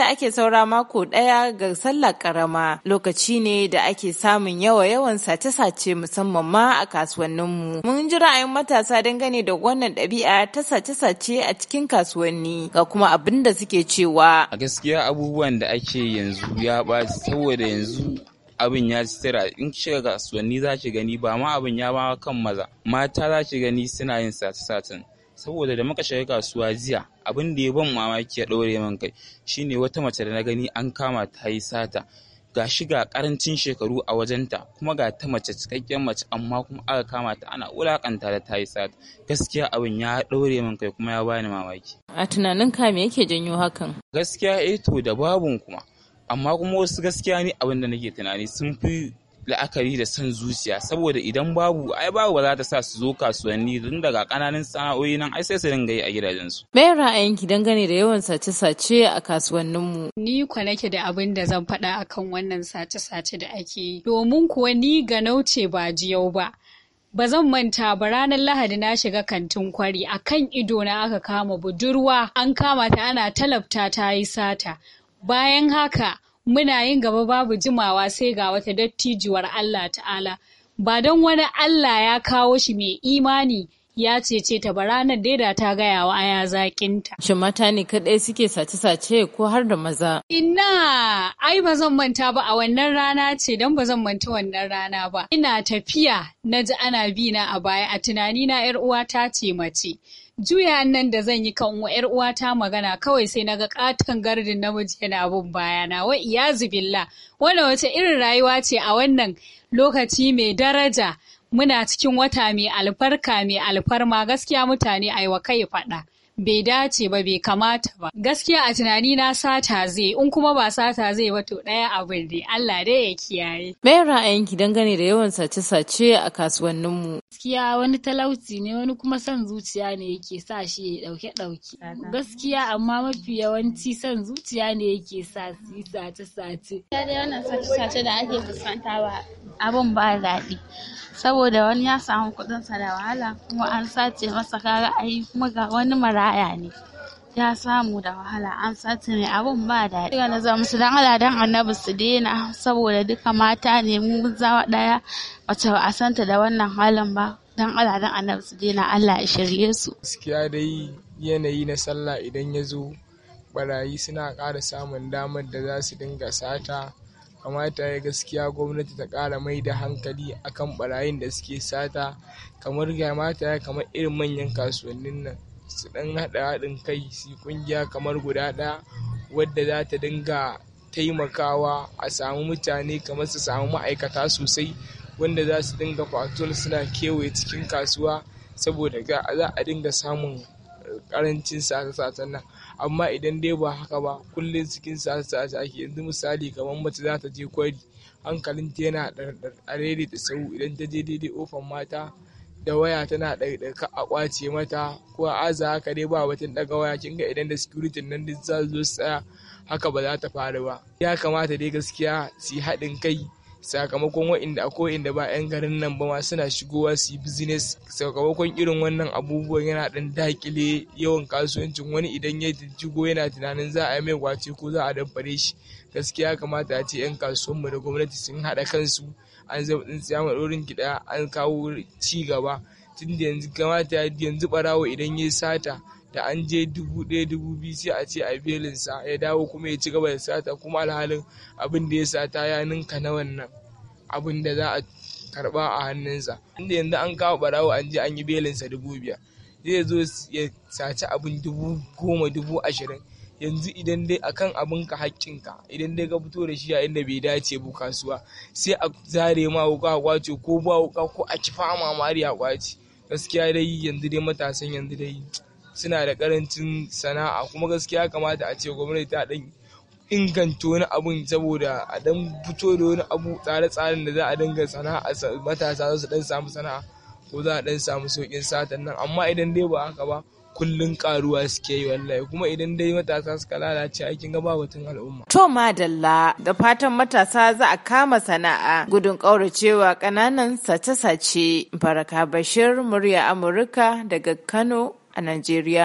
da ake saura mako ɗaya ga sallar karama lokaci ne da ake samun yawa yawan sace-sace musamman ma a kasuwanninmu. Mun ji ra'ayin matasa dangane da wannan ɗabi'a ta sace-sace a cikin kasuwanni ga kuma abin da suke cewa. A gaskiya abubuwan da ake yanzu ya ɓaci saboda yanzu abin ya sitira in shiga kasuwanni za gani ba ma abin ya ba kan maza mata za gani suna yin sace-sacen saboda da muka shiga kasuwa jiya abin da ya ban mamaki ya ɗaure man kai shine wata mace da na gani an kama ta yi sata ga shi ga karancin shekaru a wajenta kuma ga ta mace cikakken mace amma kuma aka kama ta ana wulakanta da ta yi sata gaskiya abin ya ɗaure min kai kuma ya bani mamaki a tunanin ka me yake janyo hakan gaskiya eto eh da babun kuma amma kuma wasu gaskiya ne abin da nake tunani sun fi la'akari da son zuciya saboda idan babu ai babu ba za ta sa su zo kasuwanni tun daga kananan sana'o'i nan ai sai su dinga yi a gidajensu. Me ra'ayinki dangane da yawan sace-sace a kasuwanninmu? Ni kwa nake da abin da zan faɗa akan wannan sace-sace da ake yi. Domin kuwa ni ga nauce ba jiyau ba. Ba zan manta ba ranar Lahadi na shiga kantin kwari a kan na aka kama budurwa an kama ta ana talabta ta yi sata. Bayan haka muna yin gaba babu jimawa sai ga wata dattijuwar Allah ta'ala ba don wani Allah ya kawo shi mai imani ya cece ta ba ranar da ta gaya wa aya zaƙinta. Shin mata ne kaɗai suke sace-sace ko har da maza? Ina, ai ba zan manta ba a wannan rana ce don ba zan manta wannan rana ba. Ina tafiya na ji ana bi na a baya a tunani na ‘yar uwa ta ce mace. juya nan da zan yi kan yar uwata magana kawai sai na ga katon gardin namiji yana bin bayana wa iya zubilla wannan wace irin rayuwa ce a wannan lokaci mai daraja muna cikin wata mai alfarka mai alfarma gaskiya mutane aiwa kai faɗa. bai dace ba bai kamata ba gaskiya a tunani na sata zai in kuma ba sata zai ba to ɗaya abin ne! Allah dai ya kiyaye me ra'ayinki dangane da yawan sace-sace a kasuwannin mu gaskiya wani talauci ne wani kuma son zuciya ne yake sa shi ya dauke dauke gaskiya amma mafi yawanci son zuciya ne yake sa su yi sace-sace da wannan sace-sace da ake fuskanta ba abin ba daɗi saboda wani ya samu kuɗinsa da wahala kuma an sace masa kaga ai kuma ga wani maraya ne ya samu da wahala an sace mai abun ba daɗi daga nazar su dan Allah dan annabi su daina saboda duka mata ne mu zama ɗaya wace ba a santa da wannan halin ba dan Allah dan annabi su daina Allah ya shirye su gaskiya dai yanayi na sallah idan ya zo barayi suna ƙara samun damar da za su dinga sata kamata ya gaskiya gwamnati ta kara mai da hankali akan barayin da suke sata kamar kamata ya kamar irin manyan kasuwannin nan su dan hada haɗin kai su ƙungiya kamar guda ɗaya wadda za ta dinga taimakawa a samu mutane kamar su samu ma'aikata sosai wanda za su dinga fatul suna kewaye cikin kasuwa saboda za a dinga samun karancin sata-satan nan amma idan dai ba haka ba kullum cikin sa sace ake yanzu misali kamar mace za ta je kwari ta yana ɗarɗare da sau idan ta je daidai ofan mata da waya tana ɗaiɗaika a kwace mata ko a aza haka dai ba batun ɗaga waya kin ga idan da security nan duk za su zo tsaya haka ba za ta faru ba ya kamata dai gaskiya su haɗin kai sakamakon wa'inda akwai wa'inda ba 'yan garin nan ba ma suna shigowa su yi business sakamakon irin wannan abubuwan yana dan dakile yawan kasuwancin wani idan ya jigo yana tunanin za a yi mai kwace ko za a damfare shi gaskiya kamata a ce 'yan kasuwanmu da gwamnati sun haɗa kansu an zama tsintsiya maɗorin gida an kawo ci gaba tun da yanzu kamata yanzu ɓarawo idan ya sata da an je dubu ɗaya dubu biyu sai a ce a belinsa ya dawo kuma ya ci gaba da sata kuma alhalin abin da ya sata ya ninka na wannan abin da za a karba a hannunsa inda yanzu an kawo barawo an je an yi belinsa dubu biyar zai zo ya saci abin dubu goma dubu ashirin yanzu idan dai akan abin ka haƙƙinka idan dai ka fito da shi a inda bai dace bu kasuwa sai a zare ma wuka kwace ko ba wuka ko a kifa ma mariya kwace gaskiya dai yanzu dai matasan yanzu dai suna da karancin sana'a kuma gaskiya kamata a ce gwamnati ta dan inganta wani abun saboda a dan fito da wani abu tsare-tsaren da za a dinga sana'a matasa su dan samu sana'a ko za a dan samu saukin satan nan amma idan dai ba haka ba kullun karuwa suke yi wallahi kuma idan dai matasa suka lalace aikin gaba batun al'umma. To madalla da fatan matasa za a kama sana'a gudun ƙauracewa ƙananan sace-sace. Baraka Bashir murya Amurka daga Kano, a Najeriya.